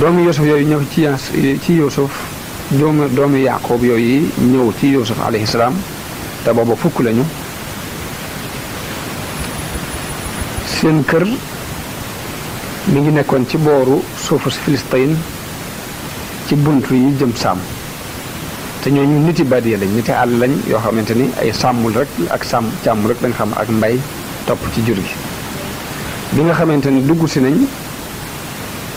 doomu Youssouf yooyu ñëw ci yaas ci Youssouf doomu doomu Yaaqoob yooyu ñëw ci Youssouf alayhi salaam te booba fukk lañu seen kër mu ngi nekkoon ci booru suufu si ci bunt yi jëm sàmm te ñooñu niti badiya lañ niti àll lañ yoo xamante ni ay sàmmul rek ak sàmm càmm rek lañ xam ak mbay topp ci jur gi bi nga xamante ni dugg si nañ.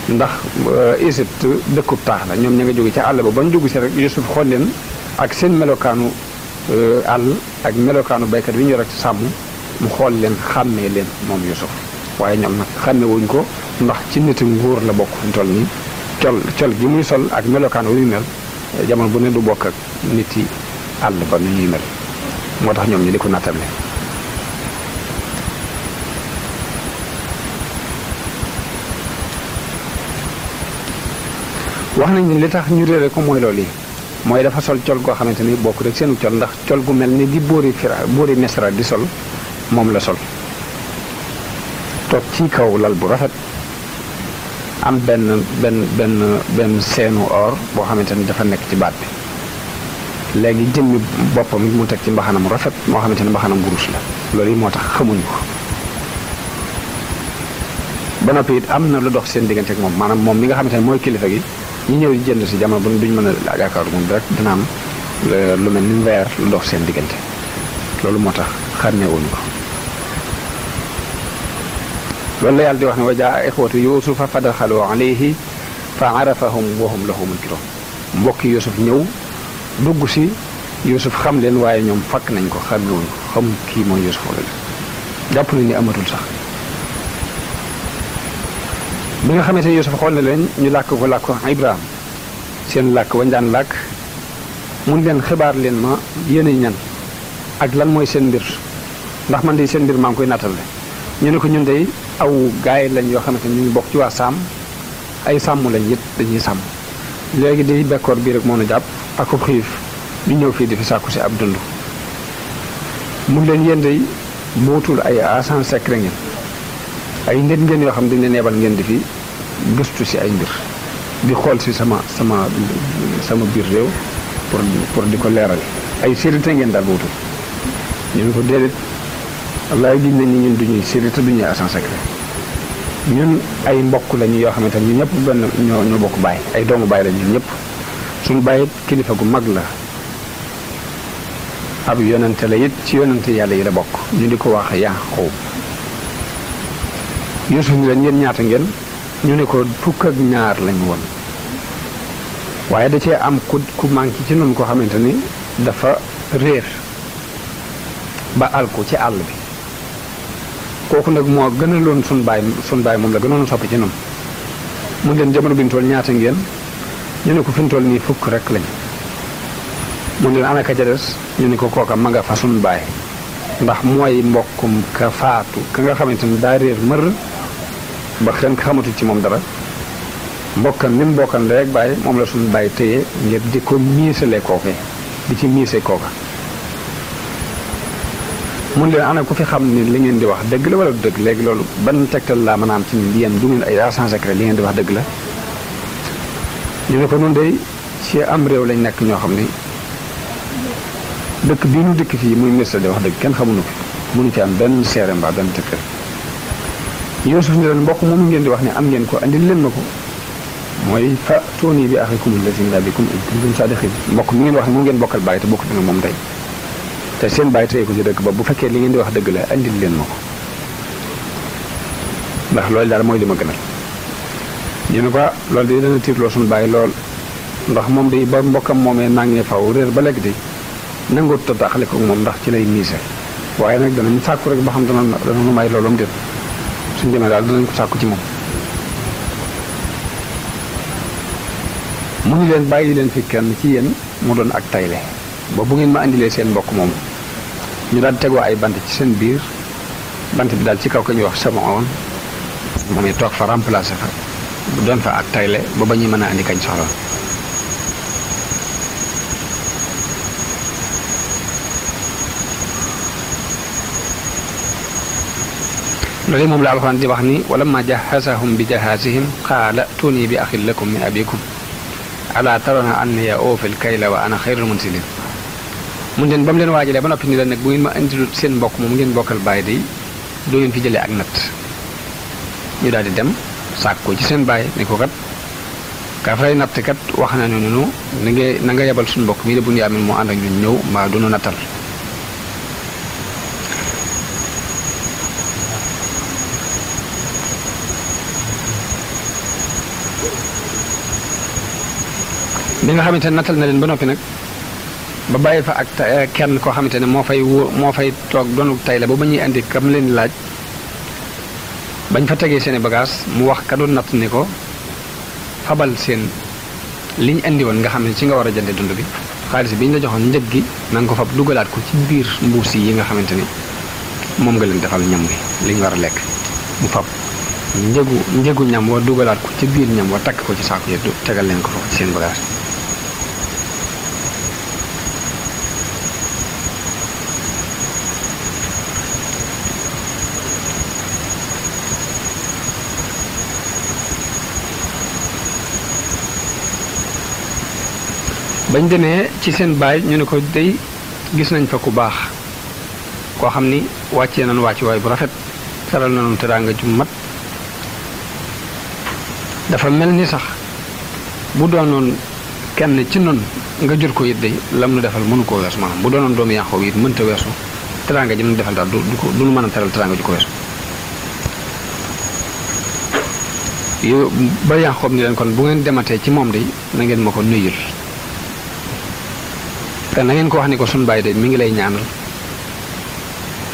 ndax euh, Égypte dëkku taax la ñoom ña nga jóge ca àll ba ba ñu dugg si rek Yusuf xool leen ak seen melokaanu euh, àll ak melokaanu baykat bi ñu rek ak sàmm mu xool leen xàmmee leen moom Yusuf waaye ñoom nag xàmme wuñ ko ndax ci niti nguur la bokk ñu toll nii col col gi muy sol ak melokaan wu ñu mel jamono bu ne du bokk ak nit yi àll ba nu ñuy mel moo tax ñoom ñu di ko nattale wax nañ ne li tax ñu réere ko mooy loolu yi mooy dafa sol col goo xamante ni bokk rek seenu col ndax col gu mel ni di bóori fira bóori mesra di sol moom la sol toog ci kaw lal bu rafet am benn benn benn seenu or boo xamante ni dafa nekk ci baat bi léegi jëmmi boppam mu teg ci mbaxanam rafet moo xamante ni mbaxanam gurus la lool yi moo tax xamuñu ko ba noppi it am na lu dox seen diggante ak moom maanaam moom mi nga xamante ne mooy kilifa gi ñi ñëw di jënd si jamono bu duñ mën a yaakaar moom rek dina am lu mel ni weer lu dox seen diggante loolu moo tax xàmmeewuñu ko loolu la yàlla di wax ne wa jaa ixwatu yuusufa fa daxaloo alayhi fa arafahum wa hum lahu munkiroon mbokki yusuf ñëw dugg si yusuf xam leen waaye ñoom fakk nañ ko xàmmewuñ ko xam kii mooy yusuf wala jàpp nañ ni amatul sax bi nga xamante ne Yuusuf xool na leen ñu làkk ko làkk Ibrahima seen làkk wañ daan làkk mun leen xibaar leen ma yéen ñan ak lan mooy seen mbir ndax man de seen mbir maa ngi koy nattale ñu ne ko ñun de aw gaay lañ yoo xamante ne ñu ngi bokk ci waa saam ay sàmm lañ it dañuy sàmm léegi di bekkoor bii rek moo nu jàpp ak ko xiif ñu ñëw fii di fi sàkku si ab dund mun leen yéen de mootul ay agent secret ngeen ay nit ngeen yoo xam dañ leen yebal ngeen di fi gëstu ci ay mbir di xool ci sama sama sama biir réew pour pour di ko leeral ay sérité ngeen daal bootul ñu ne ko déedéet wallaay giñ nañ ni ñun duñuy sérité duñuy agent secret ñun ay mbokk lañu yoo xamante ne ñun ñëpp benn ñoo bokk baay ay doomu baay la ñun ñëpp suñu baay kilifa gu mag la ab yonente la it ci yonente yàlla yi la bokk ñu di ko wax yaa xaw Yuusuf ni leen yéen ñaata ngeen ñu ne ko fukk ak ñaar lañ won waaye da cee am ku ku manki ci noonu ko xamante dafa réer ba ko ci àll bi kooku nag moo gënaloon sun baay sun baay moom la gënoon sopp ci noonu mu ngeen jamono bi ñu ñaata ngeen ñu ne ko fi ñu nii fukk rek lañ mu ngeen ana ka ca des ñu ne ko kooka ma nga fa sun ndax mooy mbokkum ka faatu ka nga xamante ni daa réer ba kenn xamatu ci moom dara mbokkam ni mu mbokkal ndey ak bàyyi moom la suñu bàyyi téye ngir di ko miisalee kooke di ci miise kooka mun leen ana ku fi xam ni li ngeen di wax dëgg la wala du dëgg léegi loolu ban tegtal laa mën ci yéen du ngeen ay agent secret li ngeen di wax dëgg la ñu ne ko nun day ci am réew lañ nekk ñoo xam ni dëkk bii ñu dëkk fii muy miise di wax dëgg kenn xamuñu ko mënu ci am benn seere mbaa benn tegtal يوسف نرى المبقى مؤمن جند وحني أم جنكو أن دلن مكو موي فأتوني بأخيكم الذي لا بكم إن كنتم صادقين مبقى مؤمن وحني مؤمن جند بقال بايت بقى تنو ممتاي تسين بايت ريكو جدا كبا بفكير لين جند وحد دقلا أن دلن مكو بخ لول دار موي دي مغنال ينوكا لول دي دانا تير لوسون باي لول ndax mom day ba mbokam momé nang ñe faaw reer ba lek di nangu tata xale ko mom ndax ci lay misé waye nak dana ñu sakku rek ba xam dana dana may lolum def suñ demee daal danañ ko sàkku ci moom mu ni leen bàyyi leen fi kenn ci yéen mu doon ak tayle ba bu ngeen ma indilee seen mbokk moomu ñu daal tegoo ay bant ci seen biir bant bi daal ci kaw ko ñuy wax sama oon moom toog fa remplacé fa doon fa ak tayle ba ba ñuy mën a andi kañ soxla لريم ابو العرفان دي ولما جهزهم بجهازهم قال ائتوني باخ لكم من ابيكم على ترون اني اوف الكيل وانا خير المنزلين من دين بام لين واجي لا نوبي نيل نك بوين ما انتو سين بوك موم نين بوكال باي دي دو نين في جيلي اك نات ني دادي ديم ساكو سي سين باي نيكو كات كافاي نات كات نونو نغي نغا يابال سون بوك مي دي بو نيامل مو ما دونو ناتال bi nga xamante ne nattal na leen ba noppi nag ba bàyyi fa ak eh, kenn koo xamante ne moo fay wóor moo fay toog doonu tay la ba ba ñuy indi kam leen laaj bañ fa tegee seeni bagage mu wax ka doon natt ni ko fabal seen liñ indi woon nga xam ne ci nga war a jënde dund bi xaalis bi ñu la joxoon njëg gi na ko fab dugalaat ko ci biir mbuus yi nga xamante ni moom nga leen defal ñam bi liñ war a lekk mu fab njëgu njëgu ñam wa dugalaat ko ci biir ñam wa takk ko ci saako yëpp tegal leen ko foofu ci seen bagage bañ demee ci seen baay ñu ne ko day gis nañ fa ku baax koo xam ni wàccee nan wàcc waay bu rafet saral teraanga ju mat dafa mel ni sax bu doonoon kenn ci nun nga jur ko it day lam nu defal mënu koo weesu maanaam bu doonoon doomu yàqoo it mënta weesu teranga ji nu defal daal du ko du nu mën a teral teranga ji ko weesu yu ba yàqoob ni leen kon bu ngeen dematee ci moom day na ngeen ma ko nuyul te na ngeen ko wax ni ko sun bàyyi day mi ngi lay ñaanal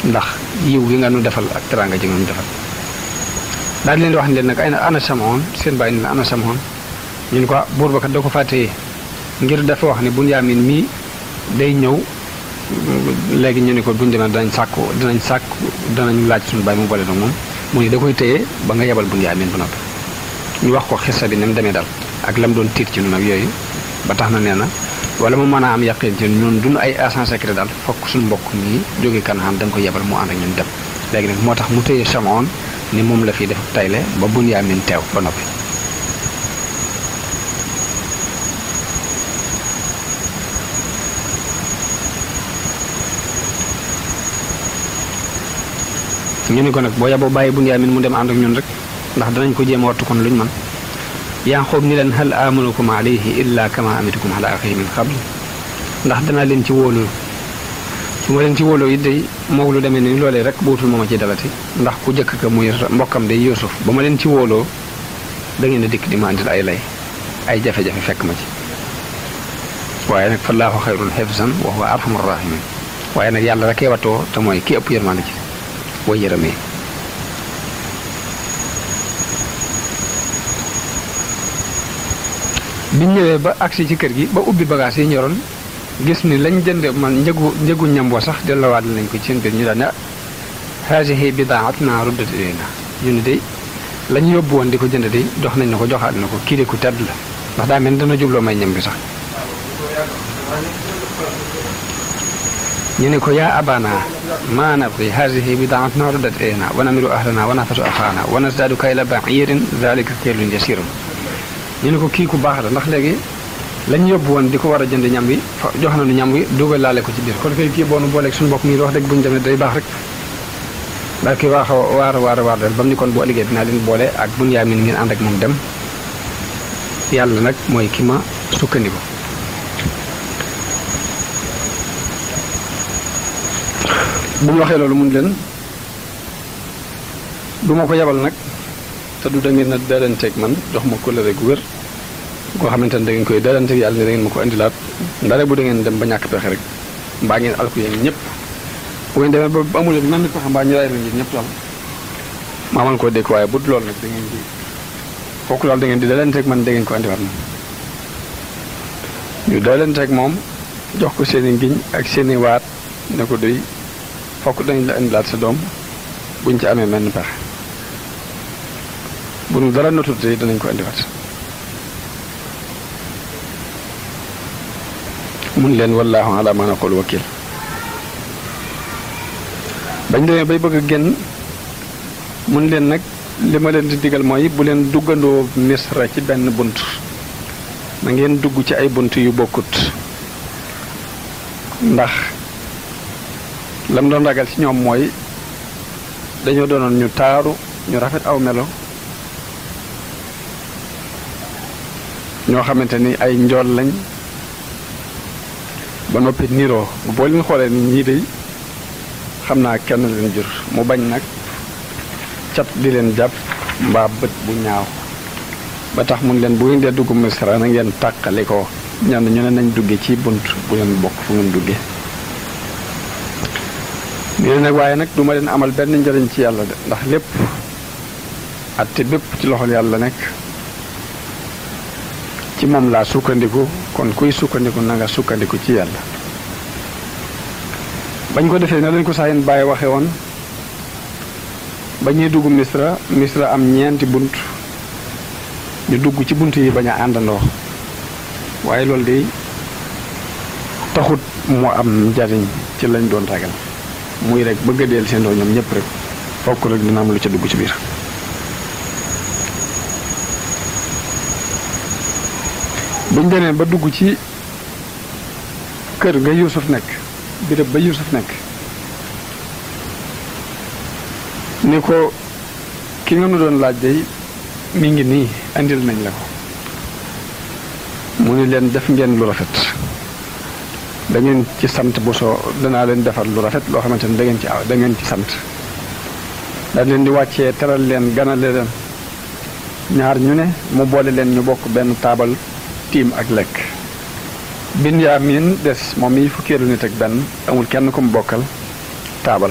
ndax yiw gi nga nu defal ak teranga ji nga nu defal daal leen di wax ne leen nag ay ana Samhoon seen bàyyi ne ana Samhoon ñu ne ko ah, buur ba kat da ko fàttee ngir dafa wax ne Bunyamin mii day ñëw léegi ñu ne ko buñ demee danañ danañ sàkku danañ laaj suñu bàyyi mu boole nag moom mu da koy téye ba nga yebal Bunyamin ba noppi ñu wax ko xissa bi ni demee dal ak lam doon tiit ci ñun ak yooyu ba tax na nee na wala mu mën a am yàqin ci ñun duñu ay agent secret daal fokk suñu mbokk mii jóge Kanaan da nga koy yebal mu ànd ak ñun dem léegi nag moo tax mu téye Samhoon ni moom la fi def tayle ba Bunyaamin teew ba noppi ñu ni ko nag boo yaboo bàyyi Bunyaamin mu dem ànd ak ñun rek ndax danañ ko jéem wattu kon luñ man Yaaqub ni leen hal amanukum alayhi illa kama amitukum ala axihi min qabl ndax danaa leen ci wóolu su ma leen ci wóoloo it day moog lu demee ni loolee rek bootul mooma ci dalati ndax ku jëkk ka muy mbokkam day Yuusuf ba ma leen ci wóoloo da ngeen a dikk di ma andil ay lay ay jafe-jafe fekk ma ci waaye nag fallaahu xayrun xifsan wa huwa arhamur waaye nag yàlla rekee watoo te mooy ki ëpp yërmande ci way yërëmee biñ ñëwee ba agsi ci kër gi ba ubbi bagage yi ñoroon gis ni lañ jënd man njëgu njëgu ñam wa sax delloowaat nañ ko ci seen biir ñu daan ne haasihi bidaa'atunaa ruddat ilaynaa ñu ni day lañ yóbbu woon di ko jënd di jox nañ na ko joxaat na ko kii ku tedd la ndax daa mel ni dana jubloo may ñam bi sax ñu ne ko yaa abanaa maa nabgi haasihi bidaa'atunaa ruddat ilaynaa wa namiru ahlanaa wa nahfasu axaanaa wa nasdaadu kayla ba'iirin zaalika kaylun yasiirun ñu ne ko kii baax la ndax léegi lañ yóbbu woon di ko war a jënd ñam wi jox na nu ñam wi dugal laale ko ci biir kon kay kii boonu booleeg suñu bopp ngir wax dëgg bu ñu demee day baax rek daal ki waax a waar a waar waar dal ba mu ni kon boo liggéey dinaa leen boole ak buñ yaa min ngeen ànd ak moom dem yàlla nag mooy ki ma sukkandiku bu mu waxee loolu mun leen du ma ko yabal nag te du da ngeen a man jox ma kóllëre gu wér koo xamante ne da ngeen koy dalante yàlla ne da ma ko indilaat ndare bu da ngeen dem ba ñàkk pexe rek mbaa ngeen alku yéen ñëpp bu ngeen demee ba amul nag nan pexe mbaa ñu ray la ngeen ñëpp daal maa man koo dégg waaye bu loolu nag da ngeen di da ngeen di dalante da ngeen ko indiwaat ñu dalante rek moom jox ko seeni i ngiñ ak seeni waat ne ko doy fokk dañ la indilaat sa doom buñ ci amee menn pexe bu nu dara notut danañ ko indiwaat mun leen wallaahu ala ma naqul wakil bañ demee bay bëgg genn mun leen nag li ma leen di digal mooy bu leen duggandoo misra ci benn bunt na ngeen dugg ci ay bunt yu bokkut ndax lam doon ragal ci ñoom mooy dañoo doonoon ñu taaru ñu rafet aw melo ñoo xamante ni ay njool lañ ba noppi niro bo leen xoolee ni ñii day xam naa kenn leen jur mu bañ nag cat di leen jàpp mbaa bët bu ñaaw ba tax mun leen bu ngeen dee dugg misra na ngeen tàqali ko ñan ñu ne nañ dugge ci bunt bu leen bokk fu ngeen dugge nee nag waaye nag duma leen amal benn njëriñ ci yàlla de ndax lépp atte bépp ci loxol yàlla nekk ci moom laa sukkandiku kon kuy sukkandiku nanga sukkandiku ci yàlla bañ ko defee na leen ko saa yéen bàyyi waxe woon ba ñuy dugg misra misra am ñeenti bunt ñu dugg ci bunt yi bañ a àndandoo waaye loolu de taxut mu am njariñ ci lañ doon ragal muy rek bëgg a deel seendoo ñoom ñëpp rek fokk rek dina am lu ca dugg ci biir buñ demee ba dugg ci kër nga Yuusuf nekk béréb ba Yuusuf nekk ni ko ki nga nu doon laaj day mi ngi nii andil nañ la ko mu ni leen def ngeen lu rafet da ngeen ci sant bu soo danaa leen defar lu rafet loo xamante ni dangeen ci aw dangeen ci sant daal leen di wàccee teral leen ganale leen ñaar ñu ne mu boole leen ñu bokk benn taabal tim ak lek binyamin des mom mi fukkeelu nit ak ben amul kenn kum bokkal taabal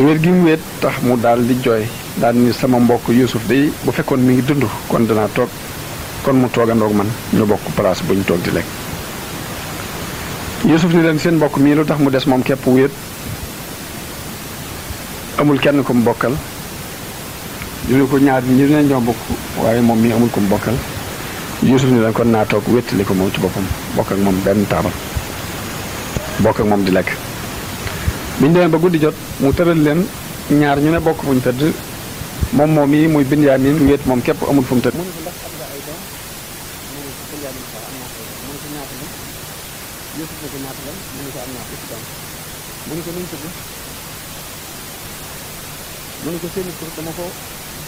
wér gi mu wéet tax mu daal di joy daal ni sama mbokk yusuf day bu fekkoon mi ngi dund kon dana toog kon mu toogandoog man ñu bokk place buñ toog di lekk yusuf ni leen seen mbokk mii lu tax mu des moom képp wéet amul kenn kum bokkal ñu ne ko ñaar ñu ne ñoo bokk waaye moom mii amul ko mu bokkal Yuusuf ni la kon naa toog wéttali ko moom ci boppam bokk ak moom benn taabal bokk ak moom di lekk bi ñu demee ba guddi jot mu tëral leen ñaar ñu ne bokk fu ñu tëdd moom moom yi muy Binyamin wéet moom képp amul fu mu tëdd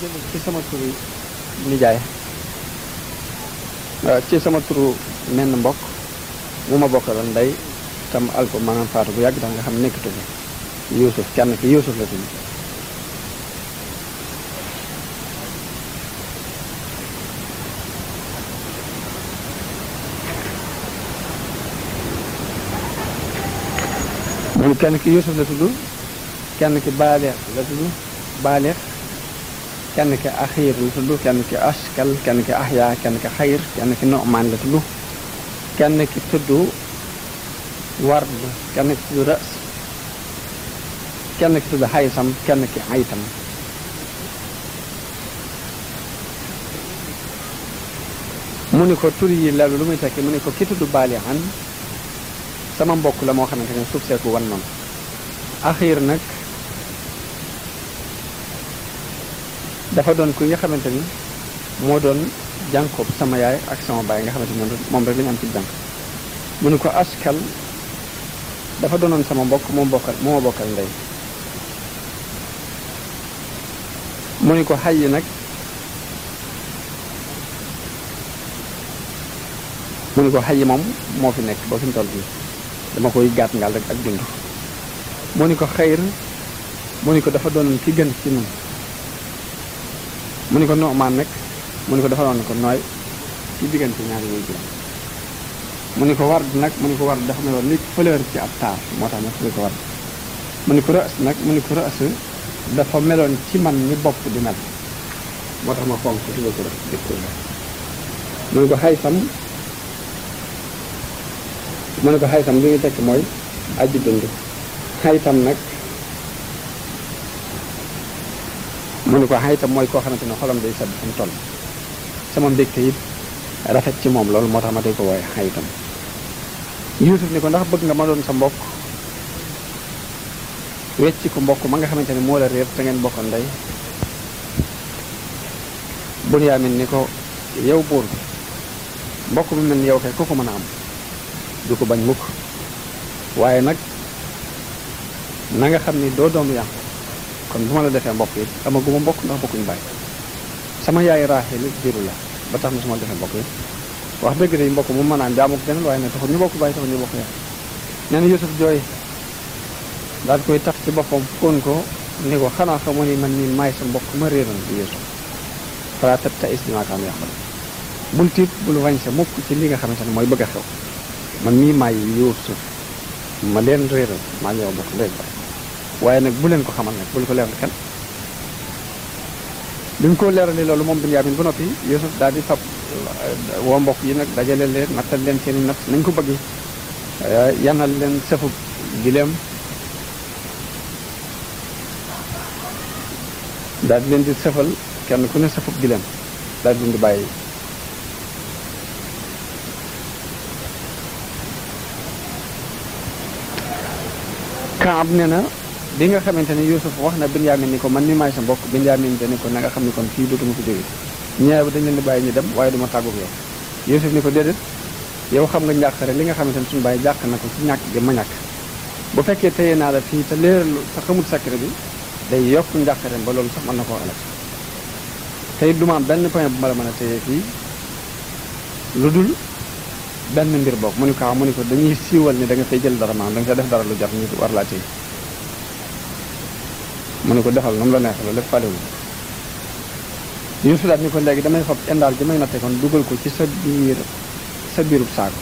चेसामा turu ñu jaay ci sama turu menn mbokk mu ma bokkaloon ndey tam alko maanaam faatu bu yàgg tax nga xam nekkatu bi yuusuf kenn ki yuusuf la tudd mu kenn ki yuusuf la tudd kenn ki baaleex la tudd baaleex كانك أخير لتلو كانك أشكل كانك أحيا كانك خير كانك نؤمن لتلو كانك تدو ورد كانك تدو رأس كانك تدو حيثم كانك عيتم مونيكو تري لا لومي تاكي مونيكو كي تدو بالي عن سمان بوكو لما وخنا كنا سوف سيكو ونن أخير نك dafa doon ku nga xamante ni moo doon jànkoob sama yaay ak sama baay nga xamante ni moom rek la ñu am ci jànk mu ne ko askal dafa doonoon sama mbokk moom moo bokkal moo bokkal ndey mu ni ko xay yi nag mu ne ko xay yi moom moo fi nekk ba fi mu bi dama koy gàtt ngaal rek ak dund mu ni ko xayr mu ni ko dafa doonoon ki gën ci ñun mu ne ko Noomaan nag mu ne ko defaloon na ko nooy ci diggante ñaari way juróom mu ne ko ward nag mu ne ko war dafa ne ni fleur ci ab taar moo tax ma ko ward mu ne ko rës nag mu ne ko dafa meloon ci man ni bopp di mel moo tax ma fonk ko tudd ko mu ne ko xaysam mu ne ko xaysam li ñu tekk mooy aji dund xaysam nag mu ne ko xayitam mooy koo xamante ni xolam day sedd fu mu toll sama mbégte rafet ci moom loolu moo tax ma day ko waaye xayitam Yuusuf ni ko ndax bëgg nga ma doon sa mbokk wecci ko mbokk ma nga xamante ne moo la réer te ngeen bokkoon ndey Bunyaamin ni ko yow buur mbokk mi mel ni yow kay ku ko mën a am du ko bañ mukk waaye nag na nga xam ni doo doomu yàqu kon buma la defé mbokk it amaguma mbokk ndax bokkuñu bay sama yaay ya, ya, rahil diru la ba tax na su mbokk yi wax deug ni mbokk mu manan jaamu ko gënal way na taxu ñu bokk bay taxu ñu bokk ya nena ya. yusuf joy dal koy tax ci boppam kon ko ni ko xana xamoo ni man ni may sa mbokk ma reeral bi yusuf fala ta isma bi maakaam xol bul tit bul wañ sa mbokk ci li nga xamantene moy bëgg xew man mii may yusuf ma len reeral ma ñëw bokk leen waaye nag bu leen ko xamal nag bu leen ko leeral kenn bi mu ko leeralee loolu moom Binyaamin bu noppi Yuusuf daal di fab woo mbokk yi nag dajale leen nattal leen seen i natt nañ ko bëggee yanal leen sëfu gileem daal di leen di sëfal kenn ku ne sëfub gileem daal di leen di bàyyi Kaab nee na bi nga xamante ne Yuusuf wax na Binyamin ni ko man ni maay sa mbokk Binyamin dani ko na nga xam ni kon fii dootuma dañ leen di bàyyi ñu dem waaye duma tàggoog yow Yuusuf ni ko déedéet yow xam nga njàqare li nga xamante ne suñu bàyyi jàq na ko ci ñàkk gi ma ñàkk bu fekkee teye naa la fii te léeralu te xamul secret bi day yokk njàqare ba loolu sax na koo tey duma am benn point bu ma mën a téye fii lu dul benn mbir boobu mu ni ko ah, mu ni ko dañuy siiwal ni danga nga jël dara maanaam da nga def dara lu jar ñu war laa téye mu ne ko defal na mu la neex la lépp fàllewu Yuusu daal ni ko damay fab indaal ji may natte kon ko ci sa biir sa biirub saako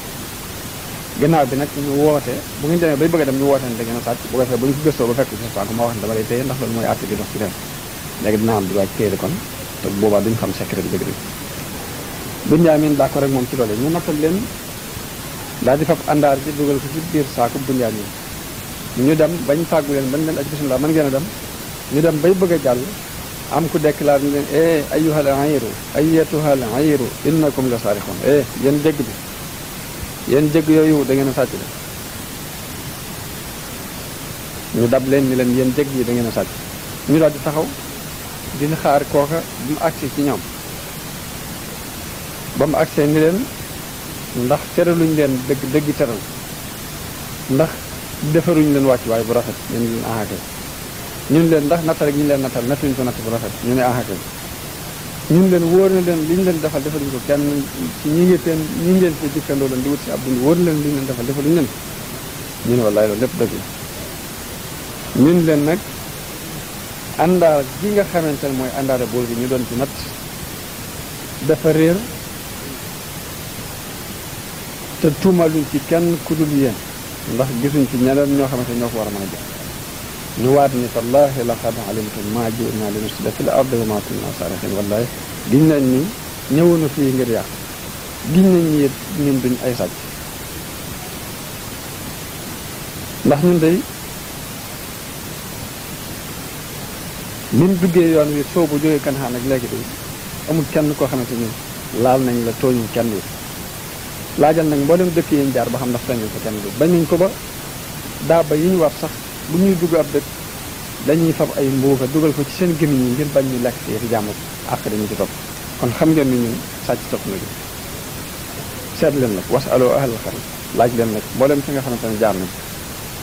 gannaaw bi nag ñu woote bu ngeen demee bay dem ñu woote ne da ngeen a sàcc bu ko defee bu ñu ko gëstoo ba fekk sa saako ma wax ne dama lay téye ndax loolu mooy àtte bi dox ci te boobaa duñ xam secret dëgg dëgg Bunjaamin d'accord rek moom ci loolu ñu nattal leen daal di fab àndaar ji dugal ko ci biir saako Bunjaamin ñu dem bañ tàggu leen bañ leen aj bisimilah mën ngeen a dem ñu dem bay bëgg a jàll am ku déclaré ne eh ayyuhal ayru ayyatuhal ayru innakum la saarixoon eh yéen jégg bi yéen jégg yooyu da ngeen a sàcc de ñu dab leen ni leen yéen jégg yi da ngeen a sàcc ñu daal di taxaw di xaar kooka ba mu agsi ci ñoom ba mu agsee ni leen ndax teraluñ leen dëgg dëgg teral ndax defaruñ leen wàcc waaye bu rafet yéen leen aakay ñun leen ndax natt rek ñu leen nattal nattuñ ko natt bu rafet ñu ne ahaka ñun leen wóor na leen li leen defal defaluñ ko kenn ci ñi ngi teen ñi ngeen ci dikkandoo leen di wut si ab dund wóor na leen li ñu leen defal defaluñ leen ñu ne wallaay loolu lépp dëgg la leen nag àndaar gi nga xamante ne mooy àndaare bool bi ñu doon ci natt dafa réer te tuumaluñ ci kenn ku dul yéen ndax gisuñ ci ñeneen ñoo xamante ñoo ko war a mën a jox ñu waat ni tallaahi laqad alimtum maa ji'naa li nufsida fil ardi wa maa kunna saarixiin wallaahi giñ nañ ni ñëwoon fii ngir yàq giñ nañ ni ñun duñ ay sàcc ndax ñun day lim duggee yoon wi soo bu jógee kan xaan ak léegi day amul kenn koo xamante ni laal nañ la tooñu kenn wi laajal nag mboolem dëkk yi ñu jaar ba xam ndax tooñu ko kenn bi bañ nañ ko ba daaba yi ñu wat sax bu ñuy dugg ab dëkk dañuy fab ay mbuuga dugal ko ci seen gémmiñ yi ngir bañ ñu lekk ci yëfi jàmbur àq dañu ci topp kon xam ngeen ni ñun sàcc topp na ji seet leen nag wasaloo ahal xel laaj leen nag mboolem ci nga xamante ne jaar nañ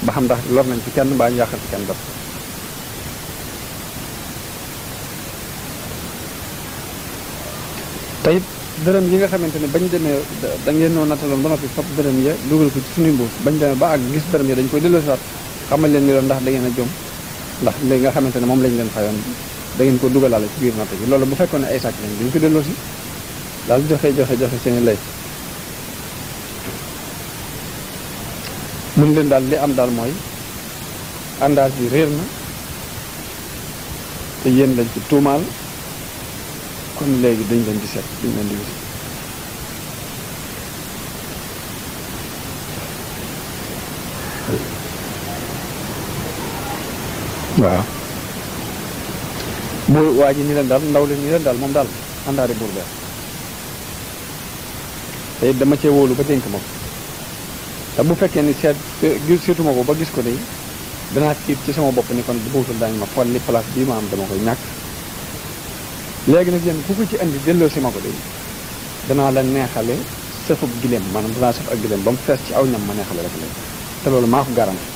ba xam ndax lor nañ ci kenn mbaa ñu yàqal ci kenn dara tey dërëm yi nga xamante ne bañ demee da ngeen noo nattaloon ba noppi fab dërëm ya dugal ko ci suñuy mbuus bañ demee ba ak gis dërëm ya dañ koy delloosiwaat xamal leen ni loolu ndax da ngeen a jom ndax li nga xamante ne moom lañ leen fayoon da ngeen ko dugalaale ci biir natt loolu bu fekkoon ne ay sàcc lañ dañ ko delloo si daal joxe joxe joxe leen daal li am daal mooy àndaas bi réer na te yéen lañ ci tuumaal kon léegi dañ leen di seet dañ leen di wis waa bu waa ji ni leen daal ndaw li ni leen daal moom daal àndaari buur beer te dama cee wóolu ba dénk ma ko te bu fekkee ni seet seetu ma ko ba gis ko day danaa tiit ci sama bopp ni kon bu wutul daañu ma folli place bii ma am dama koy ñàkk léegi nag yéen ku ko ci andi delloo si ma ko day danaa la neexale sëfub gileem maanaam danaa sëf ak gileem ba mu fees ci aw ñam ma neexale rek léegi te loolu maa ko garanti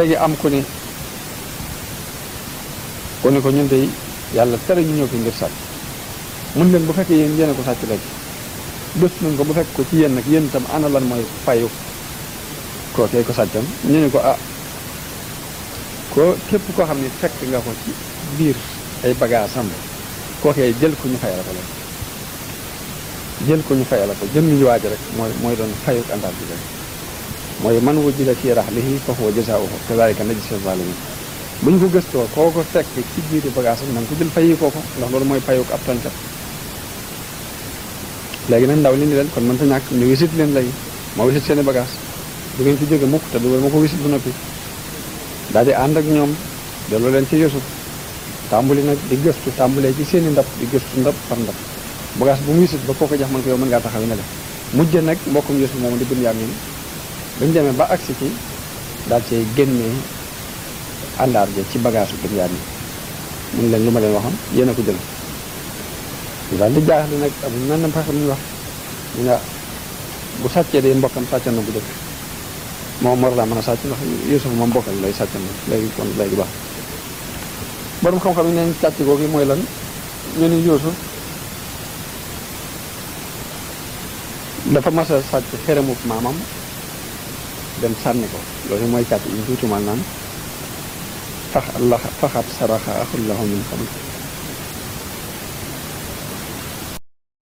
léegi am ku ni ku ne ko ñun dey yàlla tere ñu ñëw fi ngir sàcc mun leen bu fekkee yéen yéen ko sàcc léegi bés nañ ko bu fekk ko ci yéen nag yéen itam ana lan mooy fayu kookee ko sàccoon ñu ne ko ah ko képp koo xam ni fekk nga ko ci biir ay bagaasam am kookee jël ko ñu fayal ko léegi jël ko jën fayal ko rek mooy mooy doon fayuk àndaat bi léegi mooy man wujida fii rahlihi fa huwa jazaauhu kazalika najzi zalimin bu ñu ko gëstoo koo ko fekk ci biir bagage am na ko jël fayi koo ko ndax loolu mooy fayuk ab toncat léegi nag ndaw li ni leen kon mën ta ñàkk ñu wisit leen léegi moo wisit seeni i bagage du ngeen fi jóge mukk te du ma ko wisit bu noppi daal di ànd ak ñoom de loolu leen ci Yusuf tàmbuli nag di gëstu tàmbulee ci seen i ndab di gëstu ndab par ndab bagage bu mu wisit ba koo ko jox man ko yow mën ngaa taxaw ne la mujj nag mbokkum Yusuf moom di bin Yaamin buñ demee ba agsi ci daal cee génnee àndaar ja ci bagage bi njaan yi mun leen lu ma leen waxoon yéen a ko jël ñu daal di jaaxle nag am nan na xam ñu wax ñu ne bu sàccee day mbokkam sàccan na bu dëkk moom war laa mën a sàcc ndax yusuf moom mbokkam lay sàccan na léegi kon léegi baax borom xam-xam yi neen sàcc googu mooy lan ñu ni yusuf dafa mas a sàcc xeramu maamam dem sànni ko loolu mooy kàddu yi ñu tuutumal naan fax allah faxat saraxa axullahu min qabl